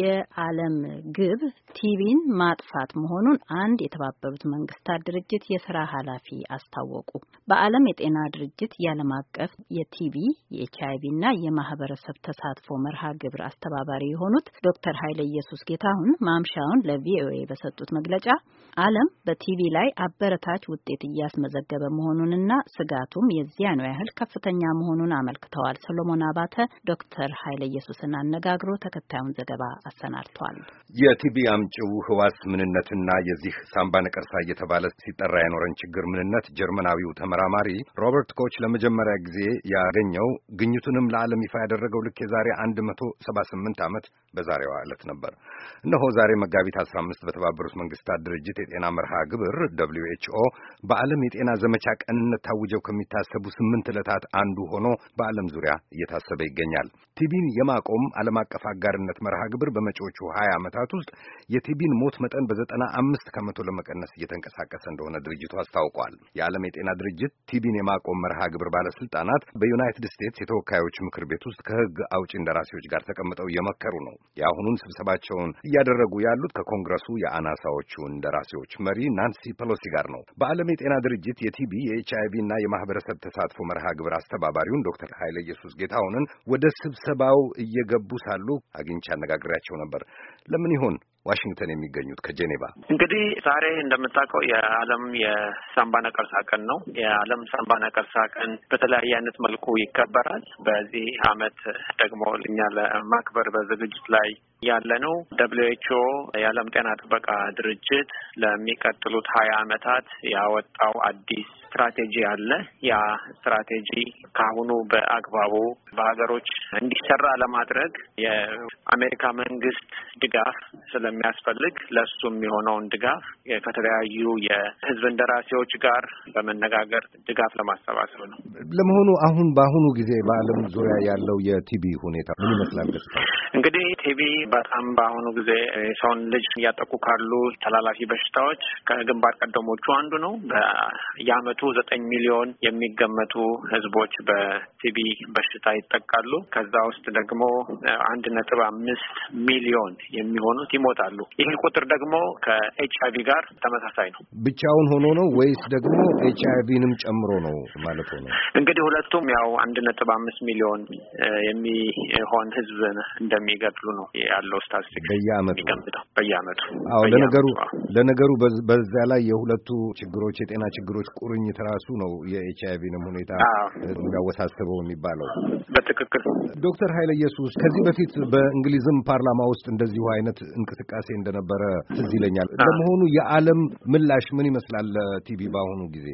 የዓለም ግብ ቲቪን ማጥፋት መሆኑን አንድ የተባበሩት መንግስታት ድርጅት የስራ ኃላፊ አስታወቁ። በዓለም የጤና ድርጅት የዓለም አቀፍ የቲቪ የኤች አይቪ እና የማህበረሰብ ተሳትፎ መርሃ ግብር አስተባባሪ የሆኑት ዶክተር ኃይለ ኢየሱስ ጌታሁን ማምሻውን ለቪኦኤ በሰጡት መግለጫ ዓለም በቲቪ ላይ አበረታች ውጤት እያስመዘገበ መሆኑንና ስጋቱም የዚያኑ ያህል ከፍተኛ መሆኑን አመልክተዋል። ሰሎሞን አባተ ዶክተር ኃይለ ኢየሱስን አነጋግሮ ተከታዩን ዘገባ አሰናድቷል። የቲቢ አምጪው ህዋስ ምንነትና የዚህ ሳምባ ነቀርሳ እየተባለ ሲጠራ የኖረን ችግር ምንነት ጀርመናዊው ተመራማሪ ሮበርት ኮች ለመጀመሪያ ጊዜ ያገኘው ግኝቱንም ለዓለም ይፋ ያደረገው ልክ የዛሬ አንድ መቶ ሰባ ስምንት ዓመት በዛሬዋ ዕለት ነበር። እነሆ ዛሬ መጋቢት አስራ አምስት በተባበሩት መንግስታት ድርጅት የጤና መርሃ ግብር ደብሊዩ ኤችኦ በዓለም የጤና ዘመቻ ቀንነት ታውጀው ከሚታሰቡ ስምንት ዕለታት አንዱ ሆኖ በዓለም ዙሪያ እየታሰበ ይገኛል። ቲቢን የማቆም ዓለም አቀፍ አጋርነት መርሃ ግብር በመጪዎቹ ሀያ ዓመታት ውስጥ የቲቢን ሞት መጠን በዘጠና አምስት ከመቶ ለመቀነስ እየተንቀሳቀሰ እንደሆነ ድርጅቱ አስታውቋል። የዓለም የጤና ድርጅት ቲቢን የማቆም መርሃ ግብር ባለስልጣናት በዩናይትድ ስቴትስ የተወካዮች ምክር ቤት ውስጥ ከህግ አውጪ እንደራሴዎች ጋር ተቀምጠው እየመከሩ ነው። የአሁኑን ስብሰባቸውን እያደረጉ ያሉት ከኮንግረሱ የአናሳዎቹ እንደራሴዎች መሪ ናንሲ ፐሎሲ ጋር ነው። በዓለም የጤና ድርጅት የቲቢ የኤች አይቪ እና የማህበረሰብ ተሳትፎ መርሃ ግብር አስተባባሪውን ዶክተር ኃይለ ኢየሱስ ጌታሁንን ወደ ስብሰባው እየገቡ ሳሉ አግኝቼ አነጋግሬያቸው ጠይቄያቸው ነበር። ለምን ይሆን ዋሽንግተን የሚገኙት ከጄኔቫ? እንግዲህ ዛሬ እንደምታውቀው የዓለም የሳምባ ነቀርሳ ቀን ነው። የዓለም ሳምባ ነቀርሳ ቀን በተለያየ አይነት መልኩ ይከበራል። በዚህ አመት ደግሞ እኛ ለማክበር በዝግጅት ላይ ያለ ነው። ደብሊዩ ኤች ኦ የዓለም ጤና ጥበቃ ድርጅት ለሚቀጥሉት ሀያ አመታት ያወጣው አዲስ ስትራቴጂ አለ። ያ ስትራቴጂ ከአሁኑ በአግባቡ በሀገሮች እንዲሰራ ለማድረግ የአሜሪካ መንግስት ድጋፍ ስለሚያስፈልግ ለሱ የሚሆነውን ድጋፍ ከተለያዩ የህዝብ እንደራሴዎች ጋር በመነጋገር ድጋፍ ለማሰባሰብ ነው። ለመሆኑ አሁን በአሁኑ ጊዜ በዓለም ዙሪያ ያለው የቲቪ ሁኔታ ምን ይመስላል? እንግዲህ ቲቪ በጣም በአሁኑ ጊዜ የሰውን ልጅ እያጠቁ ካሉ ተላላፊ በሽታዎች ከግንባር ቀደሞቹ አንዱ ነው። በየአመቱ ዘጠኝ ሚሊዮን የሚገመቱ ህዝቦች በቲቪ በሽታ ይጠቃሉ። ከዛ ውስጥ ደግሞ አንድ ነጥብ አምስት ሚሊዮን የሚሆኑት ይሞታሉ። ይህ ቁጥር ደግሞ ከኤች አይቪ ጋር ተመሳሳይ ነው። ብቻውን ሆኖ ነው ወይስ ደግሞ ኤች አይቪንም ጨምሮ ነው ማለት ነው? እንግዲህ ሁለቱም ያው አንድ ነጥብ አምስት ሚሊዮን የሚሆን ህዝብ እንደሚገድሉ ነው ያለው ስታቲስቲክ በየአመቱ በየአመቱ። አዎ ለነገሩ ለነገሩ በዛ ላይ የሁለቱ ችግሮች የጤና ችግሮች ቁርኝት ራሱ ነው የኤች አይቪንም ሁኔታ የሚያወሳስበው የሚባለው በትክክል ዶክተር ኃይለ ኢየሱስ ከዚህ በፊት በእንግሊዝም ፓርላማ ውስጥ እንደዚሁ አይነት እንቅስቃሴ እንደነበረ ትዝ ይለኛል። ለመሆኑ የዓለም ምላሽ ምን ይመስላል ቲቪ በአሁኑ ጊዜ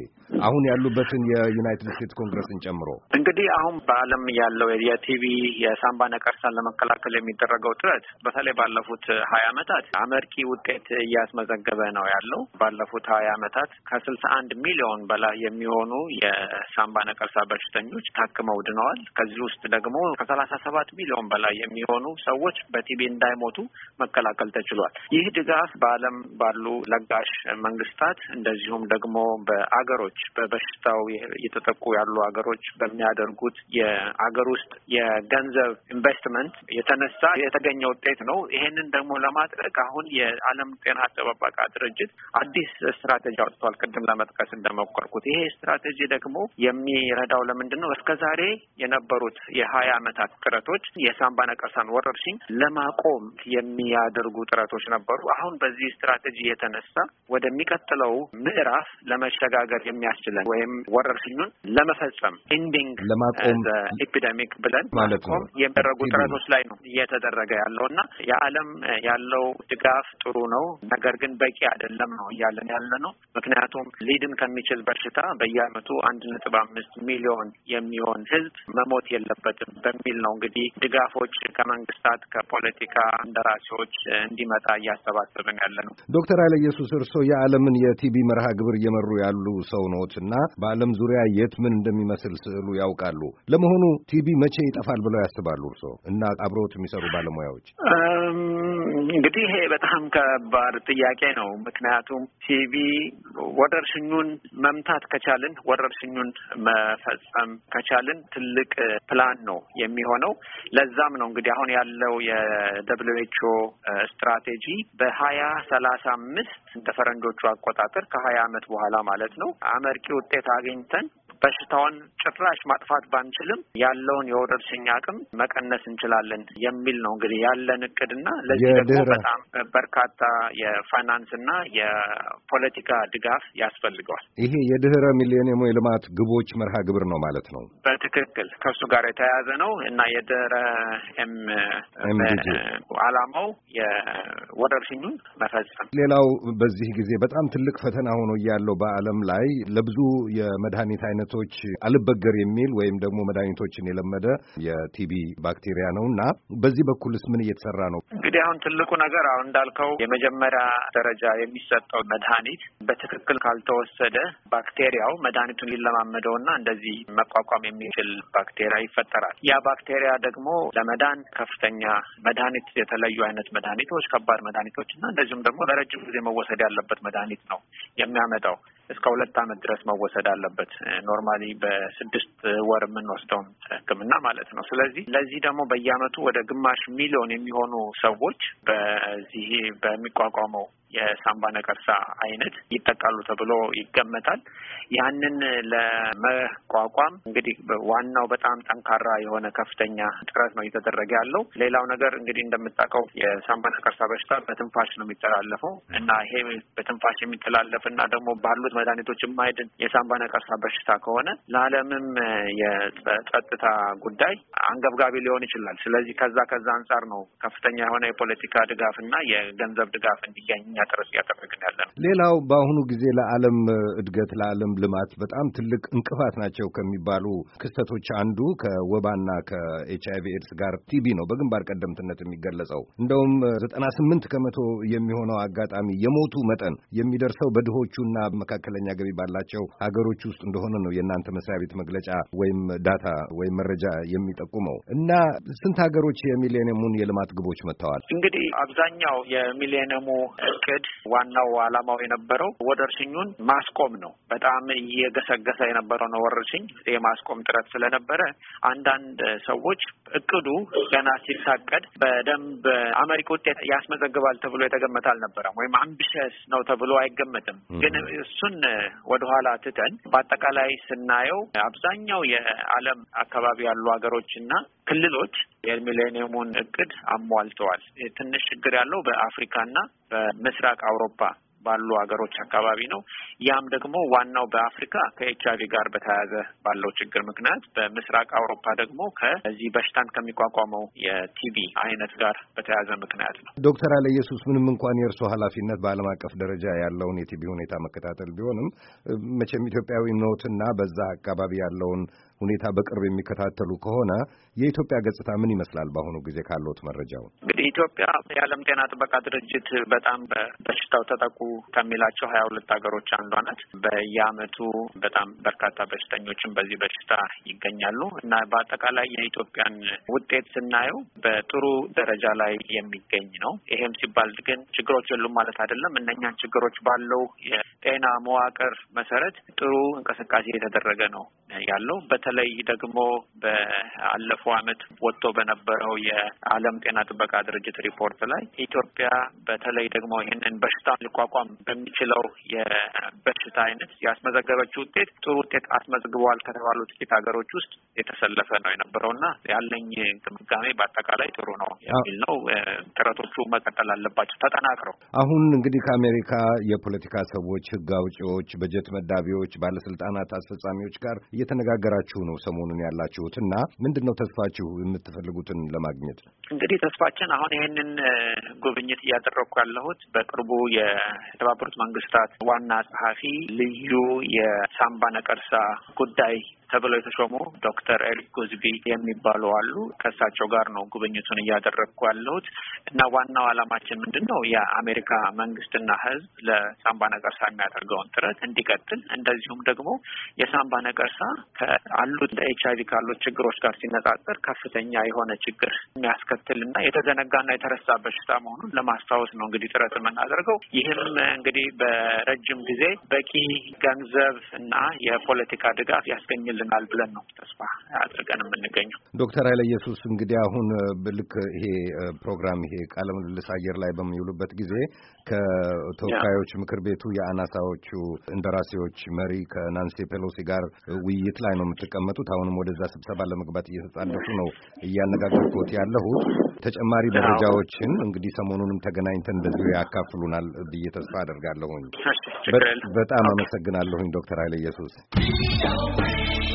አሁን ያሉበትን የዩናይትድ ስቴትስ ኮንግረስን ጨምሮ? እንግዲህ አሁን በዓለም ያለው የቲቪ የሳምባ ነቀርሳን ለመከላከል የሚደረገው ጥረት በተለይ ባለፉት ሀያ ዓመታት አመርቂ ውጤት እያስመዘገበ ነው ያለው። ባለፉት ሀያ ዓመታት ከስልሳ አንድ ሚሊዮን በላይ የሚሆኑ የሳምባ ነቀርሳ በሽተኞች ታክመው ድነዋል። ከዚህ ውስጥ ደግሞ ከሰላሳ ሰባት ሚሊዮን በላይ የሚሆኑ ሰዎች በቲቪ እንዳይሞቱ መከላከል መከላከል ተችሏል። ይህ ድጋፍ በዓለም ባሉ ለጋሽ መንግስታት እንደዚሁም ደግሞ በአገሮች በበሽታው እየተጠቁ ያሉ አገሮች በሚያደርጉት የአገር ውስጥ የገንዘብ ኢንቨስትመንት የተነሳ የተገኘ ውጤት ነው። ይሄንን ደግሞ ለማድረግ አሁን የዓለም ጤና ጥበቃ ድርጅት አዲስ ስትራቴጂ አውጥቷል። ቅድም ለመጥቀስ እንደሞከርኩት ይሄ ስትራቴጂ ደግሞ የሚረዳው ለምንድን ነው? እስከ ዛሬ የነበሩት የሀያ አመታት ጥረቶች የሳምባ ነቀርሳን ወረርሽኝ ለማቆም የሚያደርጉ የሚያደርጉ ጥረቶች ነበሩ። አሁን በዚህ ስትራቴጂ የተነሳ ወደሚቀጥለው ምዕራፍ ለመሸጋገር የሚያስችለን ወይም ወረርሽኙን ለመፈጸም ኢንዲንግ ለማቆም ኢፒደሚክ ብለን ማቆም የሚደረጉ ጥረቶች ላይ ነው እየተደረገ ያለው እና የዓለም ያለው ድጋፍ ጥሩ ነው፣ ነገር ግን በቂ አይደለም ነው እያለን ያለ ነው። ምክንያቱም ሊድን ከሚችል በሽታ በየአመቱ አንድ ነጥብ አምስት ሚሊዮን የሚሆን ህዝብ መሞት የለበትም በሚል ነው እንግዲህ ድጋፎች ከመንግስታት፣ ከፖለቲካ እንደራሴዎች እንዲመጣ እያሰባሰብን ያለ ነው። ዶክተር ኃይለ ኢየሱስ እርስዎ የዓለምን የቲቢ መርሃ ግብር እየመሩ ያሉ ሰው ነዎት እና በዓለም ዙሪያ የት ምን እንደሚመስል ስዕሉ ያውቃሉ። ለመሆኑ ቲቢ መቼ ይጠፋል ብለው ያስባሉ እርስዎ እና አብረውት የሚሰሩ ባለሙያዎች? እንግዲህ ይሄ በጣም ከባድ ጥያቄ ነው። ምክንያቱም ቲቢ ወረርሽኙን መምታት ከቻልን ወረርሽኙን መፈጸም ከቻልን ትልቅ ፕላን ነው የሚሆነው። ለዛም ነው እንግዲህ አሁን ያለው የደብሊው ኤች ኦ ስትራቴጂ በሀያ ሰላሳ አምስት እንደ ፈረንጆቹ አቆጣጠር ከሀያ አመት በኋላ ማለት ነው አመርቂ ውጤት አግኝተን በሽታውን ጭራሽ ማጥፋት ባንችልም ያለውን የወረርሽኝ አቅም መቀነስ እንችላለን የሚል ነው እንግዲህ ያለን እቅድና ለዚህ ደግሞ በጣም በርካታ የፋይናንስና የፖለቲካ ድጋፍ ያስፈልገዋል። ይሄ የድህረ ሚሊኒየሙ የልማት ግቦች መርሃ ግብር ነው ማለት ነው። በትክክል ከእሱ ጋር የተያያዘ ነው እና የድህረ ዓላማው የወረርሽኙን መፈጸም። ሌላው በዚህ ጊዜ በጣም ትልቅ ፈተና ሆኖ እያለው በዓለም ላይ ለብዙ የመድኃኒት አይነቶች አልበገር የሚል ወይም ደግሞ መድኃኒቶችን የለመደ የቲቢ ባክቴሪያ ነው እና በዚህ በኩልስ ምን እየተሰራ ነው? እንግዲህ አሁን ትልቁ ነገር አሁን እንዳልከው የመጀመሪያ ደረጃ የሚሰጠው መድኃኒት በትክክል ካልተወሰደ ባክቴሪያው መድኃኒቱን ና እንደዚህ መቋቋም የሚችል ባክቴሪያ ይፈጠራል። ያ ባክቴሪያ ደግሞ ለመዳን ከፍተኛ መድኃኒት የተ የተለያዩ አይነት መድኃኒቶች፣ ከባድ መድኃኒቶች እና እንደዚሁም ደግሞ ለረጅም ጊዜ መወሰድ ያለበት መድኃኒት ነው የሚያመጣው። እስከ ሁለት ዓመት ድረስ መወሰድ አለበት ኖርማሊ በስድስት ወር የምንወስደውን ሕክምና ማለት ነው። ስለዚህ ለዚህ ደግሞ በየዓመቱ ወደ ግማሽ ሚሊዮን የሚሆኑ ሰዎች በዚህ በሚቋቋመው የሳምባ ነቀርሳ አይነት ይጠቃሉ ተብሎ ይገመታል። ያንን ለመቋቋም እንግዲህ ዋናው በጣም ጠንካራ የሆነ ከፍተኛ ጥረት ነው እየተደረገ ያለው። ሌላው ነገር እንግዲህ እንደምታውቀው የሳምባ ነቀርሳ በሽታ በትንፋሽ ነው የሚተላለፈው እና ይሄ በትንፋሽ የሚተላለፍ እና ደግሞ ባሉት መድኃኒቶች የማይድን የሳምባ ነቀርሳ በሽታ ከሆነ ለዓለምም የጸጥታ ጉዳይ አንገብጋቢ ሊሆን ይችላል። ስለዚህ ከዛ ከዛ አንጻር ነው ከፍተኛ የሆነ የፖለቲካ ድጋፍ እና የገንዘብ ድጋፍ እንዲገኝ ጥረት እያደረግን ያለ ነው። ሌላው በአሁኑ ጊዜ ለዓለም እድገት ለዓለም ልማት በጣም ትልቅ እንቅፋት ናቸው ከሚባሉ ክስተቶች አንዱ ከወባና ከኤች አይቪ ኤድስ ጋር ቲቢ ነው በግንባር ቀደምትነት የሚገለጸው። እንደውም ዘጠና ስምንት ከመቶ የሚሆነው አጋጣሚ የሞቱ መጠን የሚደርሰው በድሆቹና መካከለኛ ገቢ ባላቸው ሀገሮች ውስጥ እንደሆነ ነው የእናንተ መስሪያ ቤት መግለጫ ወይም ዳታ ወይም መረጃ የሚጠቁመው እና ስንት ሀገሮች የሚሌኒየሙን የልማት ግቦች መጥተዋል? እንግዲህ አብዛኛው የሚሊኒየሙ እቅድ መንገድ ዋናው ዓላማው የነበረው ወረርሽኙን ማስቆም ነው። በጣም እየገሰገሰ ነው ወረርሽኝ የማስቆም ጥረት ስለነበረ አንዳንድ ሰዎች እቅዱ ገና ሲታቀድ በደንብ አመሪቅ ውጤት ያስመዘግባል ተብሎ የተገመተ አልነበረም፣ ወይም አምቢሸስ ነው ተብሎ አይገመትም። ግን እሱን ወደኋላ ትተን በአጠቃላይ ስናየው አብዛኛው የዓለም አካባቢ ያሉ ሀገሮችና ክልሎች የሚሌኒየሙን እቅድ አሟልተዋል። ትንሽ ችግር ያለው በአፍሪካና በምስራቅ አውሮፓ ባሉ ሀገሮች አካባቢ ነው። ያም ደግሞ ዋናው በአፍሪካ ከኤች አይቪ ጋር በተያያዘ ባለው ችግር ምክንያት በምስራቅ አውሮፓ ደግሞ ከዚህ በሽታን ከሚቋቋመው የቲቪ አይነት ጋር በተያያዘ ምክንያት ነው። ዶክተር አለ ኢየሱስ ምንም እንኳን የእርሶ ኃላፊነት በዓለም አቀፍ ደረጃ ያለውን የቲቪ ሁኔታ መከታተል ቢሆንም መቼም ኢትዮጵያዊ ኖትና በዛ አካባቢ ያለውን ሁኔታ በቅርብ የሚከታተሉ ከሆነ የኢትዮጵያ ገጽታ ምን ይመስላል በአሁኑ ጊዜ ካለት መረጃው? እንግዲህ ኢትዮጵያ የዓለም ጤና ጥበቃ ድርጅት በጣም በበሽታው ተጠቁ ከሚላቸው ሀያ ሁለት ሀገሮች አንዷ ናት። በየአመቱ በጣም በርካታ በሽተኞችም በዚህ በሽታ ይገኛሉ እና በአጠቃላይ የኢትዮጵያን ውጤት ስናየው በጥሩ ደረጃ ላይ የሚገኝ ነው። ይሄም ሲባል ግን ችግሮች የሉም ማለት አይደለም። እነኛን ችግሮች ባለው የጤና መዋቅር መሰረት ጥሩ እንቅስቃሴ የተደረገ ነው። ያለው። በተለይ ደግሞ በአለፈው አመት ወጥቶ በነበረው የዓለም ጤና ጥበቃ ድርጅት ሪፖርት ላይ ኢትዮጵያ በተለይ ደግሞ ይህንን በሽታ ሊቋቋም በሚችለው የበሽታ አይነት ያስመዘገበችው ውጤት ጥሩ ውጤት አስመዝግበዋል ከተባሉ ጥቂት ሀገሮች ውስጥ የተሰለፈ ነው የነበረው እና ያለኝ ግምጋሜ በአጠቃላይ ጥሩ ነው የሚል ነው። ጥረቶቹ መቀጠል አለባቸው ተጠናክረው። አሁን እንግዲህ ከአሜሪካ የፖለቲካ ሰዎች፣ ህግ አውጪዎች፣ በጀት መዳቢዎች፣ ባለስልጣናት፣ አስፈጻሚዎች ጋር እየተነጋገራችሁ ነው ሰሞኑን ያላችሁት እና ምንድን ነው ተስፋችሁ የምትፈልጉትን ለማግኘት? እንግዲህ ተስፋችን አሁን ይህንን ጉብኝት እያደረግኩ ያለሁት በቅርቡ የተባበሩት መንግስታት ዋና ጸሐፊ ልዩ የሳምባ ነቀርሳ ጉዳይ ተብለው የተሾሙ ዶክተር ኤሪክ ጉዝቢ የሚባሉ አሉ። ከእሳቸው ጋር ነው ጉብኝቱን እያደረግኩ ያለሁት እና ዋናው ዓላማችን ምንድን ነው የአሜሪካ መንግስትና ህዝብ ለሳምባ ነቀርሳ የሚያደርገውን ጥረት እንዲቀጥል እንደዚሁም ደግሞ የሳምባ ነቀርሳ ከአሉት ኤች አይቪ ካሉት ችግሮች ጋር ሲነጻጸር ከፍተኛ የሆነ ችግር የሚያስከትል እና የተዘነጋና የተረሳ በሽታ መሆኑን ለማስታወስ ነው እንግዲህ ጥረት የምናደርገው። ይህም እንግዲህ በረጅም ጊዜ በቂ ገንዘብ እና የፖለቲካ ድጋፍ ያስገኝልን ይችልናል ብለን ነው ተስፋ አድርገን የምንገኘው። ዶክተር ኃይለ ኢየሱስ እንግዲህ አሁን ልክ ይሄ ፕሮግራም ይሄ ቃለ ምልልስ አየር ላይ በሚውሉበት ጊዜ ከተወካዮች ምክር ቤቱ የአናሳዎቹ እንደራሴዎች መሪ ከናንሲ ፔሎሲ ጋር ውይይት ላይ ነው የምትቀመጡት። አሁንም ወደዛ ስብሰባ ለመግባት እየተጣደፉ ነው እያነጋገርኩት ያለሁት። ተጨማሪ መረጃዎችን እንግዲህ ሰሞኑንም ተገናኝተን እንደዚሁ ያካፍሉናል ብዬ ተስፋ አደርጋለሁኝ። በጣም አመሰግናለሁኝ ዶክተር ኃይለ ኢየሱስ።